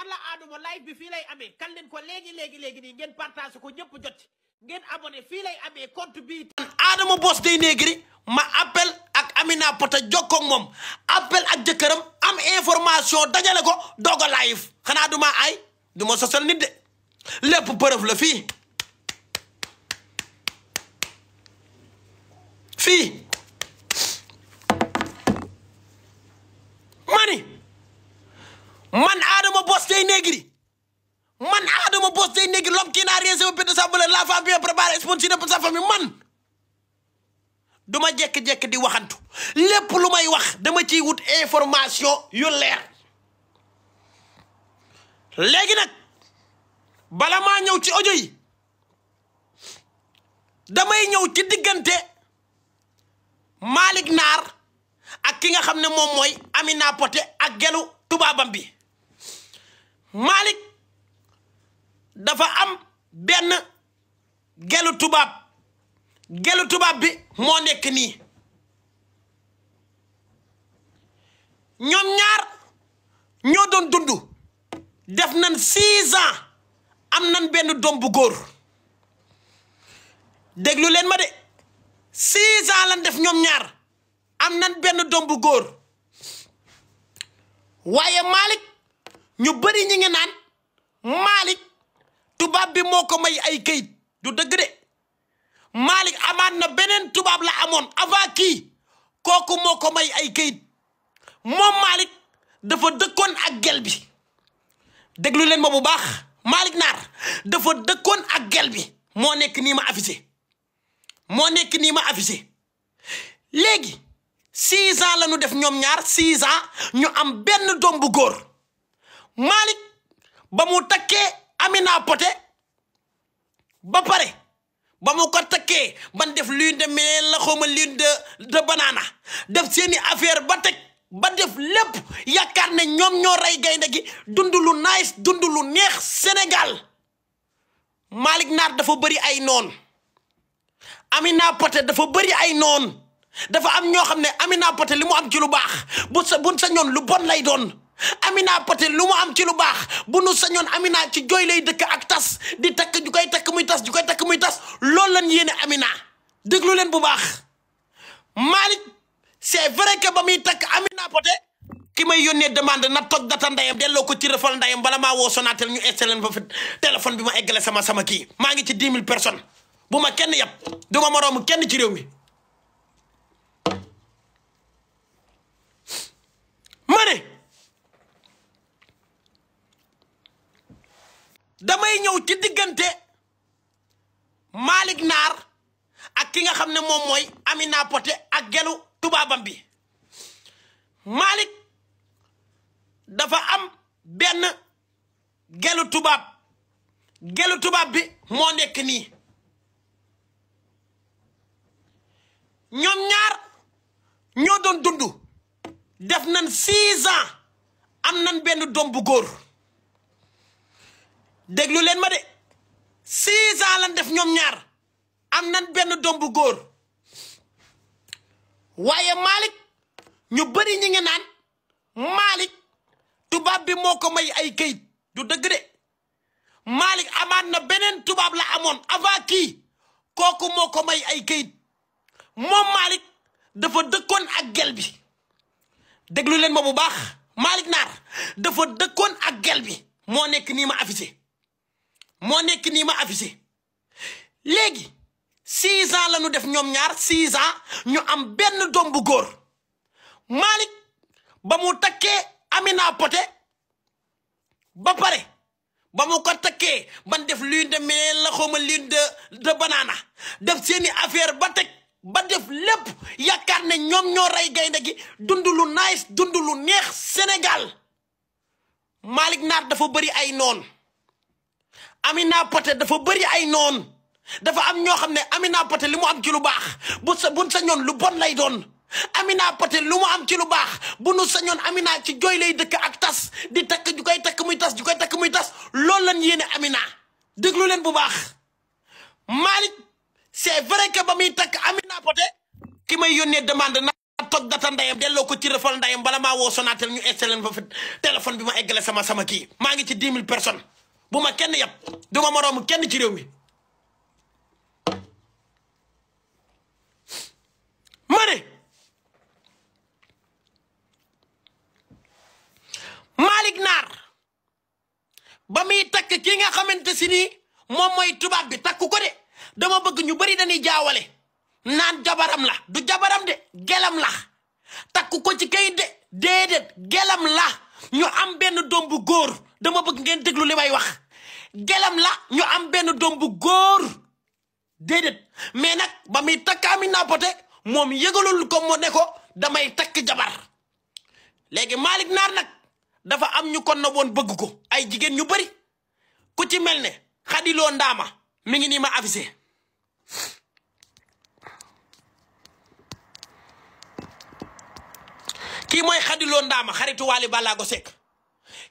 alla aaduma live bi fii lay amee kan leen ko léegi léegi léegi nii ngeen partage ko ñëpp jot ngeen abonné fii lay amee compte bi tan Adama Boss Dey Negri ma appel ak Amina Pota jokkoog moom appel ak jëkkëram am information dajale ko doog a live xanaa duma ay du ma nit de lépp preuve la fii fii sponsoré pour sa famille man duma ma jékki di waxantu lépp lu may wax dama ci wut information yu leer léegi nag bala maa ñëw ci audio yi damay ñëw ci diggante Malick Naar ak ki nga xam ne moom mooy ami Amina Poté ak gelu tubaabam bi Malick dafa am benn gelu tubaab gelu tubaab bi moo nekk nii ñoom ñaar ñoo doon dund def nan six am nan benn doom bu góor déglu leen ma de six lan def ñoom ñaar am nan benn doom bu góor waaye Malick ñu bari ñi ngi naan Malick tubaab bi moo ko may ay kayit du dëgg de Malick amaat na beneen tubaab la amoon avant kii kooku moo ko may ay kayit moom Malick dafa dëkkoon ak gel bi déglu leen ma bu baax Malick Naar dafa dëkkoon ak gel bi moo nekk nii ma affiché moo nekk nii ma affiché léegi six ans la ñu def ñoom ñaar six ans ñu am benn doom bu góor Malick ba mu takkee Amina Poté ba pare ba mu ko takkee ban def lune de miel la xawma lune de de banana def seeni affaire ba teg ba def lépp yaakaar ne ñoom ñoo rey gaynde gi dund lu nice dund lu neex Sénégal Malick Naar dafa bëri ay noon Amina Poté dafa bëri ay noon dafa am ñoo xam ne Amina Poté li mu am ci lu baax bu sa buñ sañoon lu bon lay doon Amina Poté lu mu am ci lu baax bu nu sañoon Amina ci jooy lay dëkk ak tas ànd na toj data ndayam delloo ko ci ndayam bala maa woo Sonatel ñu installé leen ba ma eggale sama sama kii maa ngi ci dix bu ma kenn yab du ma moroomu kenn ci réew damay ñëw ci diggante Malick Naar ak ki nga xam ne moom mooy Amina Poté ak gelu tubaabam bi Malick dafa am benn gelu tubaab gelu tubaab bi moo nekk ni ñoom ñaar ñoo doon dund def nañ six am nañ benn doom bu góor déglu leen ma de six ans lañ def ñoom ñaar am nañ benn doom bu góor waaye Malick ñu bëri ñi ngi naan Malick tubaab bi moo ko may ay kayit du dëgg de Malick amaat na beneen tubaab la amoon avant kii kooku moo ko may ay kayit moom Malick dafa dëkkoon ak gel bi déglu leen ma bu baax Malick Naar dafa dëkkoon ak gel bi moo nekk nii ma affiché moo nekk nii ma affiché léegi six lañu def ñoom ñaar six ans ñu am benn doom bu góor Malick ba mu takkee Amina Poté ba pare ba mu ko takkee ban def lune de miel la xawma lune de de def seeni affaire ba teg ba def lépp yaakaar ne ñoom ñoo rey gaynde gi dund lu nice dund lu neex senegal Malick Nar dafa bëri ay noon Amina Poté dafa bëri ay noon dafa am ñoo xam ne Amina Poté li mu am ci lu baax bu sa bu sa ñoon lu bon lay doon Amina Poté lu mu am ci lu baax bu nu sañoon Amina ci jooy lay dëkk ak tas di takk ju koy takk muy tas ju koy takk muy tas loolu lañ yéene Amina déglu leen bu baax Malick c'est vrai que ba muy takk Amina Poté ki may yone demande na toj data ndayam delloo ko ci refal ndayam bala maa woo Sonatel ñu installé leen ba fa téléphone bi ma eggale sama sama kii maa ngi ci dix mille personne bu ma kenn yab du ma moroomu kenn ci réew mi ba muy takk ki nga xamante si ni moom mooy tubaab bi takk ko de dama bëgg ñu bari dañuy jaawale naan jabaram la du jabaram de gelam la takk ko ci kayit de déedéet gelam la ñu am benn doom bu góor dama bëgg ngeen déglu li may wax gelam la ñu am benn doom bu góor déedéet mais nag ba muy takk aminaa pote moom yëgalul ko mu ne ko damay takk jabar léegi Malick Naar nag dafa am ñu kon na woon bëgg ay jigéen ñu bari ku ci mel ne xadiloo ndaama mi ngi nii ma avisé kii mooy xadiloo ndaama xaritu Wally Ballago sek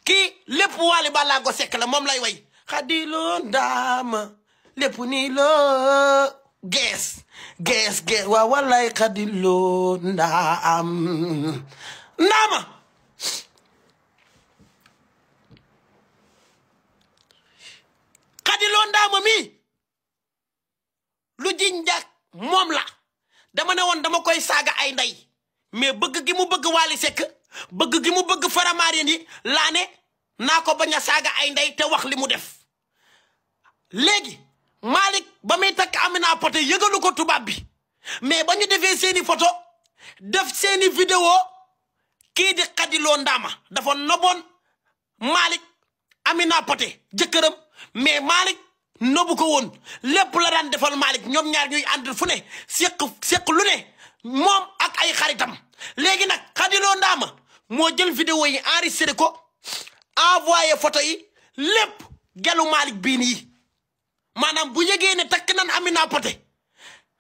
ki lépp Wally Ballago Seck la moom lay way xadiloo ndaama lépp nii loo gees gees gees waa walay xadiloo ndaam xadiloo ndaama mi lu ji njaag moom la dama ne woon dama koy saaga ay ndey mais bëgg gi mu bëgg waali sek bëgg gi mu bëgg faramaareen yi laa ne naa ko bañ a saaga ay ndey te wax li mu def léegi Malick ba muy takk Amina Poté yëgalu ko tubaab bi mais ba ñu defee seeni photo def seeni vidéo kii di xadiloo ndaama dafa noboon Malick Amina Poté jëkkëram mais Malick nobu ko woon lépp la daan defal Malick ñoom ñaar ñuy ànd fu ne seq seq lu ne moom ak ay xaritam léegi nag xadiloo ndaama moo jël vidéo yi enregistré ko envoyé photo lépp gelu Malick bii nii maanaam bu yëgee ne takk nan Amina Poté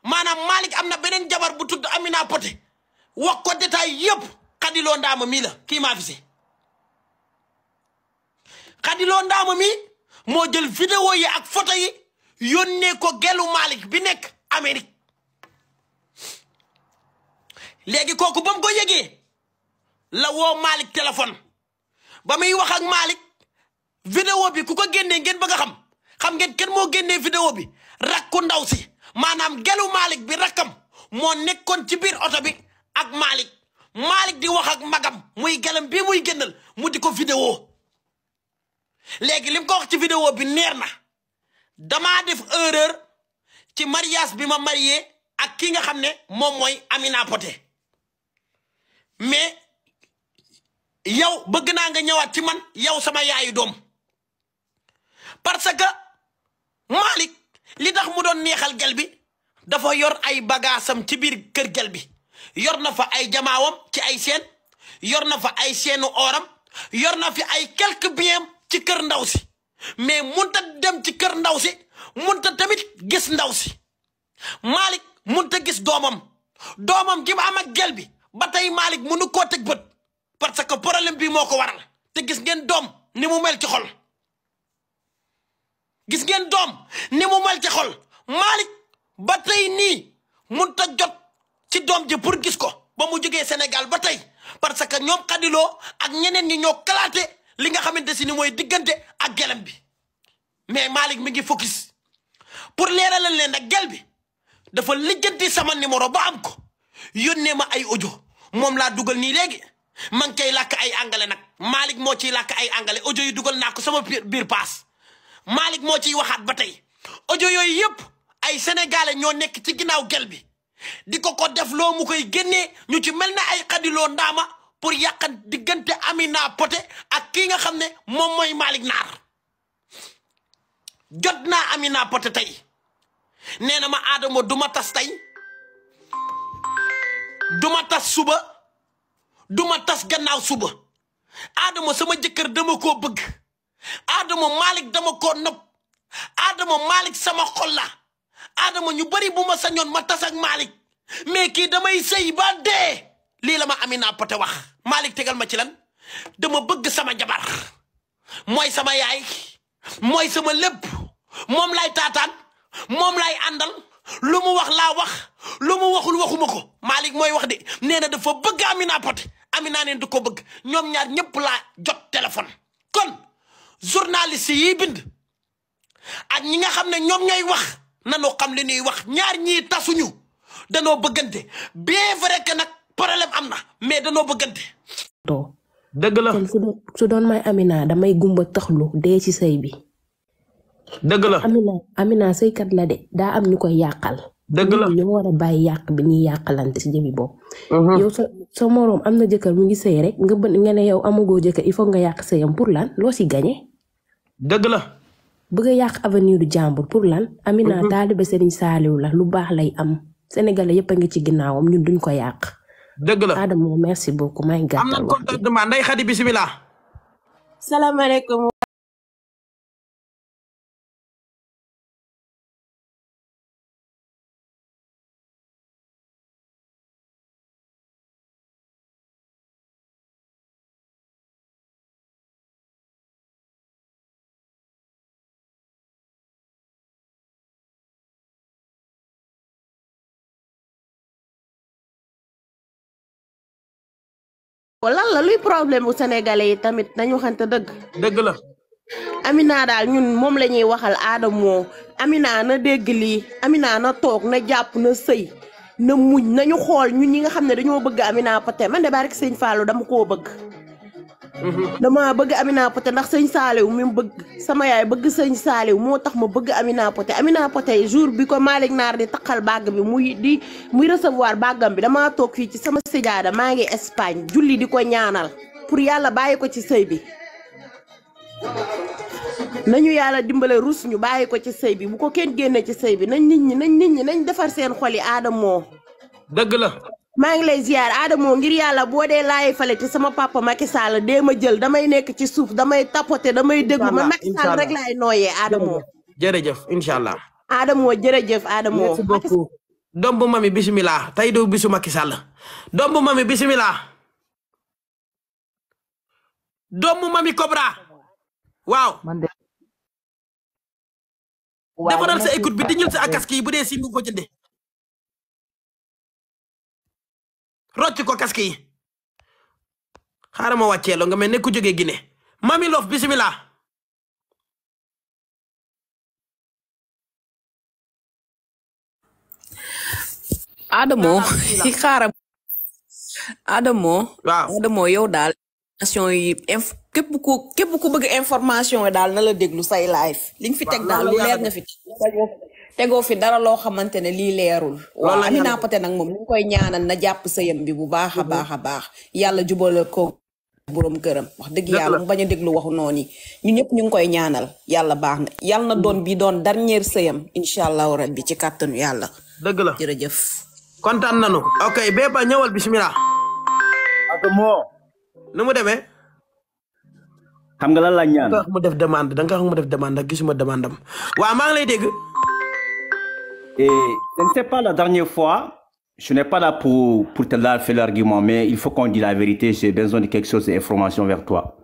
maanaam Malick am na beneen jabar bu tudd Amina Poté wax ko détail yëpp xadiloo ndaama mii la kii maa fi xadiloo ndaama mii moo jël vidéo yi ak photo yi yónnee ko gelu Malick bi nekk Amérique léegi kooku ba mu ko yëgee la woo Malick téléphone ba muy wax ak Malick vidéo bi ku ko génnee ngeen ba nga xam xam ngen kenn moo génnee vidéo bi rakku ndaw si maanaam gelu Malick bi rakkam moo nekkoon ci biir oto bi ak Malick Malick di wax ak magam muy gelam bi muy génnal mu di ko vidéo léegi lim ko wax ci vidéo bi neer na dama def erreur ci mariage bi ma marie ak kii nga xam ne moom mooy Amina Poté mais yow bëgg naa nga ñëwaat ci man yow sama yaayu doom parce que Malick li tax mu doon neexal gel bi dafa yor ay bagaasam ci biir kër gel bi yor na fa ay jamaawam ci ay seen yor na fa ay seenu oram yor na fi ay quelques biens ci kër ndaw si mais munta dem ci kër ndaw si munta tamit gis ndaw si Malick munta gis doomam doomam gi mu am gel bi ba tey Malick munu koo teg bët parce que problème bi moo ko waral te gis ngeen doom ni mu mel ci xol gis ngeen doom ni mu mel ci xol Malick ba tey nii munta jot ci doom ji pour gis ko ba mu jógee Sénégal ba tey parce que ñoom xadiloo ak ñeneen ñi ñoo kalaate li nga xamante si ni mooy diggante ak gelam bi mais Malick mi ngi focus pour leeralal leen nag gel bi dafa lijjanti sama numéro ba am ko yónnee ma ay audio moom laa dugal nii léegi ma ngi koy làkk ay angale nag Malick moo ciy lakk ay angale ojo yi dugal naa ko sama biir paas Malick moo ciy waxaat ba tey audio yooyu yëpp ay sénégalais ñoo nekk ci ginnaaw gel bi di ko ko def loo mu koy génnee ñu ci mel na ay xadiloo ndaama pour yàqan diggante Amina Poté ak kii nga xam ne moom mooy Malick Naar jot naa Amina Poté tey nee na ma Adamo du ma tas tey du ma tas suba duma tas gannaaw suba Adamo sama jëkkër dama ko bëgg Adamo Malick dama koo nopp Adamo Malick sama xol la Adamo ñu bari bu ma sañoon ma tas ak Malick mais kii damay sëy ba dee lii la ma Amina Poté wax Malick tegal ma ci lan dama bëgg sama jabar mooy sama yaay mooy sama lëb moom lay taataan moom lay àndal lu mu wax laa wax lu mu waxul waxuma ko Malick mooy wax de nee na dafa bëgg Amina Poté Amina neen du ko bëgg ñoom ñaar ñëpp laa jot téléphone. kon journaliste yi bind ak ñi nga xam ne ñoom ñooy wax nanoo xam li ñuy wax ñaar ñii tasuñu danoo bëggante bien vrai que nag. problème am na mais danoo bëggante. dëgg doon may Amina damay gumba taxlu dee ci sëy bi. dëgg la Amina Amina sëykat la daa ñu koy yàqal. dëgg la ñoo war bàyyi yàq bi ñuy yàqalante si jëmi mhm. am na jëkkër mu ngi sëy rek bë nga yow amagoo jëkkër il nga yàq sëyam pour lan loo si gagné. dëgg la. bëgg a yàq avenir du jàmbur pour lan. Amina mhm. taalibe Serigne Saliou la lu baax lay am. Sénégalais yëpp a ngi ci ginnaawam ñu duñ ko yàq. dëgg la Adamo merci beaucoup may gàttal am na contentement nday xadi bisimilah salaamaaleykum ko lan la luy problème bu sénégalais yi tamit nañu waxante dëgg. dëgg la. ami naa daal ñun moom la ñuy waxal ami naa na dégg lii ami naa na toog na jàpp na sëy na muñ nañu xool ñu ñi nga xam ne dañoo bëgg ami naa Poté man de barke Sëñ Fallou dama koo bëgg. Mhm. dama bëgg Amina Poté ndax sëñ Saaliw mi mu bëgg sama yaay bëgg sëñ Saaliw moo tax ma bëgg Amina Poté Amina Poté jour bi ko Malick Naar di taqal bàgg bi muy di muy recevoir bàggam bi damaa toog fii ci sama séjaada maa ngi Espagne julli di ko ñaanal pour yàlla bàyyi ko ci sëy bi nañu yàlla dimbale rus ñu bàyyi ko ci sëy bi bu ko kenn génne ci sëy bi nañ nit ñi nañ nit ñi nañ defar seen xol yi aadam moo dëgg la maa ngi lay ziar Adamo ngir yàlla boo dee laay fale ci sama papa Macky Sall dee ma jël damay nekk ci suuf damay tapoter damay déglu man Macky Sall rek laay nooyee Adamo jërëjëf incha allah Adamo jërëjëf Adamo merci beaucoup doom bu mami bisimilah tey du bisu Macky Sall doom bu mami bisimilah doom bu mami Cobra waaw defaral sa écoute bi di ñël sa akas kii bu dee si mu ko jënde rocc ko casque yi xaaral nga mel ne ku jógee Guinée Mamy Lof bisimilah. Adamo xaaral Adamo. waaw Adamo yow daal information yi inf ku képp ku bëgg information daal na la déglu say live. li nga daal lu leer nga fi tegoo fi dara loo xamante ne lii leerul waaw naa Poté nag moom ñu ngi koy ñaanal na jàpp sëyam bi bu baax a mhm. baax a baax yàlla jubala ko boroom këram wax dëgg yàlla mu bañ déglu waxu noonu yi ñu ñëpp ñu ngi koy ñaanal yàlla baax na yàlla na mhm. doon bi doon dernier sëyam incha allahu bi ci kàttanu yàlla dëgg la jërëjëf kontaan nañu ok Bébé ñëwal bismillah ak moo nu mu demee xam nga lan la ñaan mu def demande danga xam mu def demande ak gisuma demande am waaw lay dégg Et je ne sais pas la dernière fois, je n'ai pas là pour, te la faire l'argument, mais il faut qu'on dise la vérité. J'ai besoin de quelque chose d'information vers toi.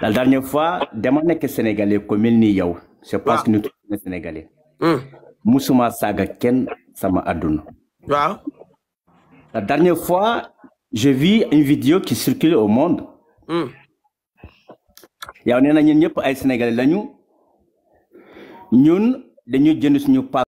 La dernière fois, dama nekk Sénégalais ku ni yow. C'est parce que nous tous les hmm. musuma saaga kenn sama àdduna. waaw. la dernière fois j'ai vu une vidéo qui circule au monde. Hmm. yow nee na ñun ñëpp ay Sénégalais lañu. ñun dañuy jënd suñu paas